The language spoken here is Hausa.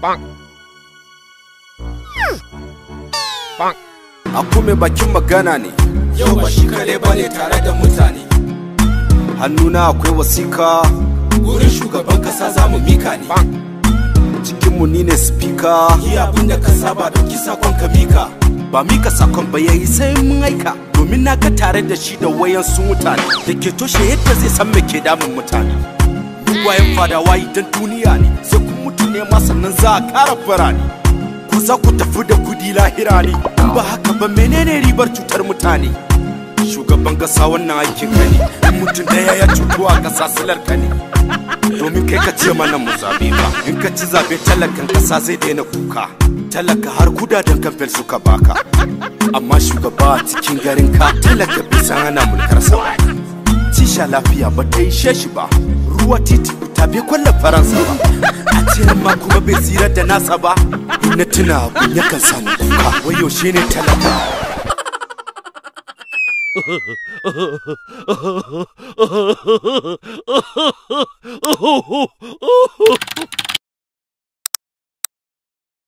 Bang. Bang. A kuma bakin magana ne. Yau ba shi kare ba ne tare da mutane. Hannuna akwai wasika. Wurin shugaban kasa za mu mika ne. Bang. Cikinmu ni ne spika. Yi abin da ka saba ɗauki sakon ka mika. Ba mika sakon ba yayi sai mun aika. Domin na ga tare da shi da wayan wayansu mutane. Da ke toshe yadda zai san me ke damun mutane. Duk wayan fadawa idan duniya ne. mutu ne ma sannan za a ƙara birane ku za ku tafi da kudi lahira ne in ba haka ba menene ribar cutar mutane shugaban gasa wannan aikin ka ne in mutum daya ya cutu a kasa silar ka ne domin kai ka ce mana mu zabe ba in ka ci zabe talakan ƙasa zai daina kuka talaka har kudaden don kamfen suka baka amma shugaba a cikin garin ka talaka bisa ana mulkar sa tisha lafiya ba ta yi sheshi ba ruwa titi ta bi kwallon faransa ba ce ma kuma bai tsira da nasa ba na tuna abun yakan sani kuka wai yaushe ne talaka Oh,